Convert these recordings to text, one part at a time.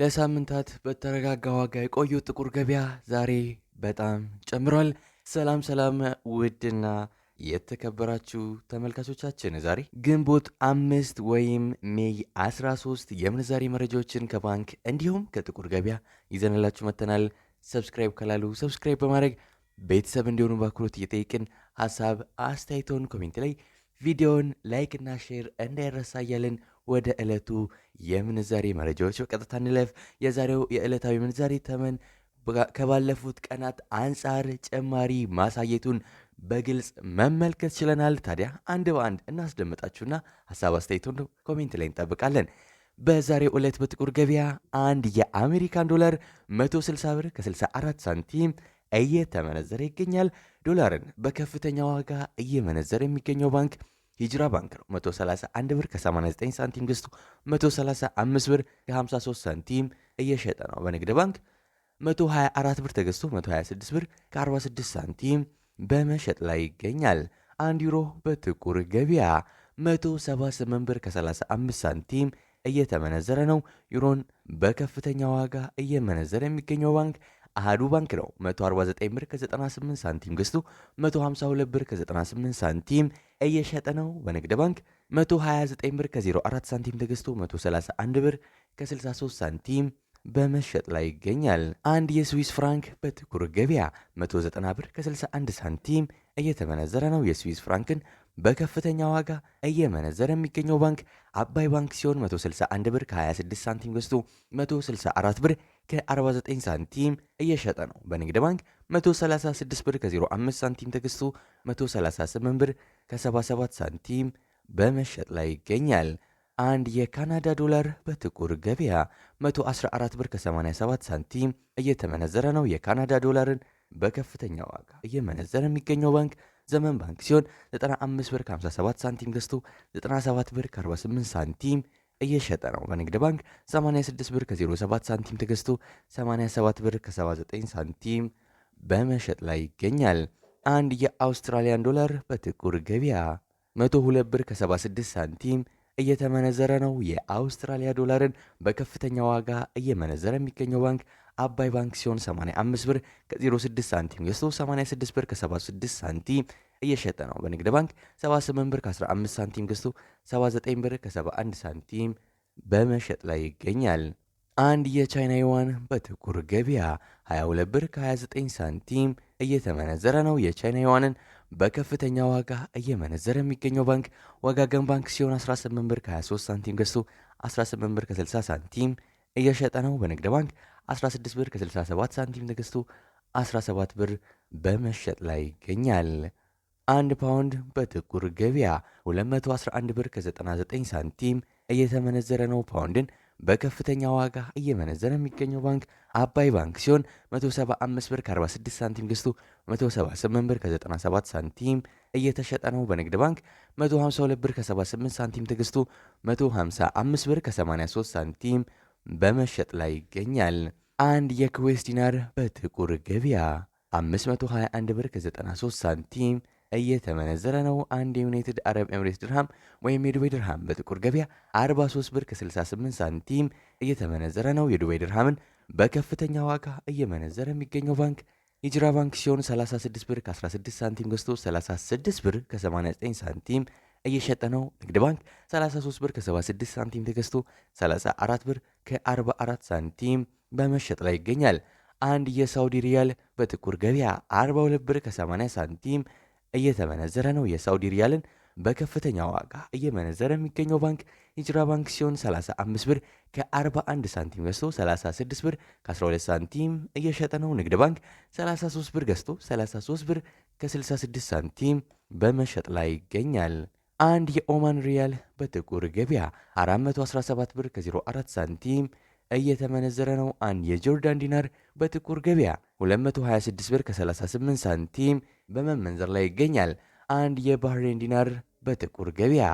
ለሳምንታት በተረጋጋ ዋጋ የቆየው ጥቁር ገበያ ዛሬ በጣም ጨምሯል። ሰላም ሰላም፣ ውድና የተከበራችሁ ተመልካቾቻችን ዛሬ ግንቦት አምስት ወይም ሜይ 13 የምንዛሬ መረጃዎችን ከባንክ እንዲሁም ከጥቁር ገበያ ይዘንላችሁ መጥተናል። ሰብስክራይብ ካላሉ ሰብስክራይብ በማድረግ ቤተሰብ እንዲሆኑ በአክብሮት እየጠየቅን ሀሳብ አስተያየቶን ኮሜንት ላይ ቪዲዮውን ላይክ እና ሼር እንዳይረሳ እያለን ወደ ዕለቱ የምንዛሬ መረጃዎች በቀጥታ እንለፍ። የዛሬው የዕለታዊ ምንዛሬ ተመን ከባለፉት ቀናት አንጻር ጭማሪ ማሳየቱን በግልጽ መመልከት ችለናል። ታዲያ አንድ በአንድ እናስደምጣችሁና ሀሳብ አስተያየቱን ኮሜንት ላይ እንጠብቃለን። በዛሬው ዕለት በጥቁር ገበያ አንድ የአሜሪካን ዶላር 160 ብር ከ64 ሳንቲም እየተመነዘረ ይገኛል። ዶላርን በከፍተኛ ዋጋ እየመነዘረ የሚገኘው ባንክ ሂጅራ ባንክ ነው 131 ብር ከ89 ሳንቲም ገዝቶ 135 ብር ከ53 ሳንቲም እየሸጠ ነው። በንግድ ባንክ 124 ብር ተገዝቶ 126 ብር ከ46 ሳንቲም በመሸጥ ላይ ይገኛል። አንድ ዩሮ በጥቁር ገበያ 178 ብር ከ35 ሳንቲም እየተመነዘረ ነው። ዩሮን በከፍተኛ ዋጋ እየመነዘረ የሚገኘው ባንክ አሃዱ ባንክ ነው 149 ብር ከ98 ሳንቲም ገዝቶ 152 ብር ከ98 ሳንቲም እየሸጠ ነው። በንግድ ባንክ 129 ብር ከ04 ሳንቲም ተገዝቶ 131 ብር ከ63 ሳንቲም በመሸጥ ላይ ይገኛል። አንድ የስዊስ ፍራንክ በጥቁር ገበያ 190 ብር ከ61 ሳንቲም እየተመነዘረ ነው። የስዊስ ፍራንክን በከፍተኛ ዋጋ እየመነዘረ የሚገኘው ባንክ አባይ ባንክ ሲሆን 161 ብር ከ26 ሳንቲም ገዝቶ 164 ብር ከ49 ሳንቲም እየሸጠ ነው። በንግድ ባንክ 136 ብር ከ05 ሳንቲም ተገዝቶ 138 ብር ከ77 ሳንቲም በመሸጥ ላይ ይገኛል። አንድ የካናዳ ዶላር በጥቁር ገበያ 114 ብር ከ87 ሳንቲም እየተመነዘረ ነው። የካናዳ ዶላርን በከፍተኛ ዋጋ እየመነዘረ የሚገኘው ባንክ ዘመን ባንክ ሲሆን 95 ብር ከ57 ሳንቲም ገዝቶ 97 ብር ከ48 ሳንቲም እየሸጠ ነው። በንግድ ባንክ 86 ብር ከ07 ሳንቲም ተገዝቶ 87 ብር ከ79 ሳንቲም በመሸጥ ላይ ይገኛል። አንድ የአውስትራሊያን ዶላር በጥቁር ገበያ 102 ብር ከ76 ሳንቲም እየተመነዘረ ነው። የአውስትራሊያ ዶላርን በከፍተኛ ዋጋ እየመነዘረ የሚገኘው ባንክ አባይ ባንክ ሲሆን 85 ብር ከ06 ሳንቲም ገዝቶ 86 ብር ከ76 ሳንቲም እየሸጠ ነው። በንግድ ባንክ 78 ብር ከ15 ሳንቲም ገዝቶ 79 ብር ከ71 ሳንቲም በመሸጥ ላይ ይገኛል። አንድ የቻይና ዩዋን በጥቁር ገበያ 22 ብር ከ29 ሳንቲም እየተመነዘረ ነው። የቻይና ዩዋንን በከፍተኛ ዋጋ እየመነዘረ የሚገኘው ባንክ ወጋገን ባንክ ሲሆን 18 ብር ከ23 ሳንቲም ገዝቶ 18 ብር ከ60 ሳንቲም እየሸጠ ነው። በንግድ ባንክ 16 ብር ከ67 ሳንቲም ተገዝቶ 17 ብር በመሸጥ ላይ ይገኛል። አንድ ፓውንድ በጥቁር ገበያ 211 ብር ከ99 ሳንቲም እየተመነዘረ ነው። ፓውንድን በከፍተኛ ዋጋ እየመነዘረ የሚገኘው ባንክ አባይ ባንክ ሲሆን 175 ብር ከ46 ሳንቲም ገዝቶ 178 ብር ከ97 ሳንቲም እየተሸጠ ነው። በንግድ ባንክ 152 ብር ከ78 ሳንቲም ተገዝቶ 155 ብር ከ83 ሳንቲም በመሸጥ ላይ ይገኛል። አንድ የኩዌስ ዲናር በጥቁር ገበያ 521 ብር ከ93 ሳንቲም እየተመነዘረ ነው። አንድ የዩናይትድ አረብ ኤምሬት ድርሃም ወይም የዱባይ ድርሃም በጥቁር ገበያ 43 ብር ከ68 ሳንቲም እየተመነዘረ ነው። የዱባይ ድርሃምን በከፍተኛ ዋጋ እየመነዘረ የሚገኘው ባንክ የሂጅራ ባንክ ሲሆን 36 ብር ከ16 ሳንቲም ገዝቶ 36 ብር ከ89 ሳንቲም እየሸጠ ነው። ንግድ ባንክ 33 ብር ከ76 ሳንቲም ተገዝቶ 34 ብር ከ44 ሳንቲም በመሸጥ ላይ ይገኛል። አንድ የሳውዲ ሪያል በጥቁር ገበያ 42 ብር ከ80 ሳንቲም እየተመነዘረ ነው። የሳውዲ ሪያልን በከፍተኛ ዋጋ እየመነዘረ የሚገኘው ባንክ ሂጅራ ባንክ ሲሆን 35 ብር ከ41 ሳንቲም ገዝቶ 36 ብር ከ12 ሳንቲም እየሸጠ ነው። ንግድ ባንክ 33 ብር ገዝቶ 33 ብር ከ66 ሳንቲም በመሸጥ ላይ ይገኛል። አንድ የኦማን ሪያል በጥቁር ገበያ 417 ብር ከ04 ሳንቲም እየተመነዘረ ነው። አንድ የጆርዳን ዲናር በጥቁር ገበያ 226 ብር ከ38 ሳንቲም በመመንዘር ላይ ይገኛል። አንድ የባህሬን ዲናር በጥቁር ገበያ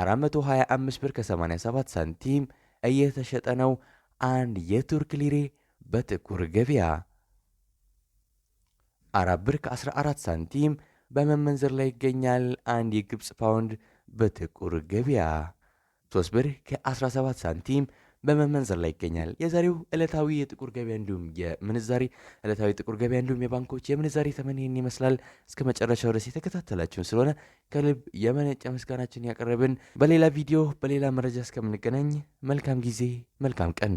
425 ብር ከ87 ሳንቲም እየተሸጠ ነው። አንድ የቱርክ ሊሬ በጥቁር ገበያ 4 ብር ከ14 ሳንቲም በመመንዘር ላይ ይገኛል። አንድ የግብፅ ፓውንድ በጥቁር ገበያ 3 ብር ከ17 ሳንቲም በመመንዘር ላይ ይገኛል። የዛሬው ዕለታዊ የጥቁር ገበያ እንዲሁም የምንዛሬ ዕለታዊ ጥቁር ገበያ እንዲሁም የባንኮች የምንዛሬ ተመን ይህን ይመስላል። እስከ መጨረሻው ድረስ የተከታተላችሁን ስለሆነ ከልብ የመነጨ ምስጋናችን ያቀረብን። በሌላ ቪዲዮ በሌላ መረጃ እስከምንገናኝ መልካም ጊዜ፣ መልካም ቀን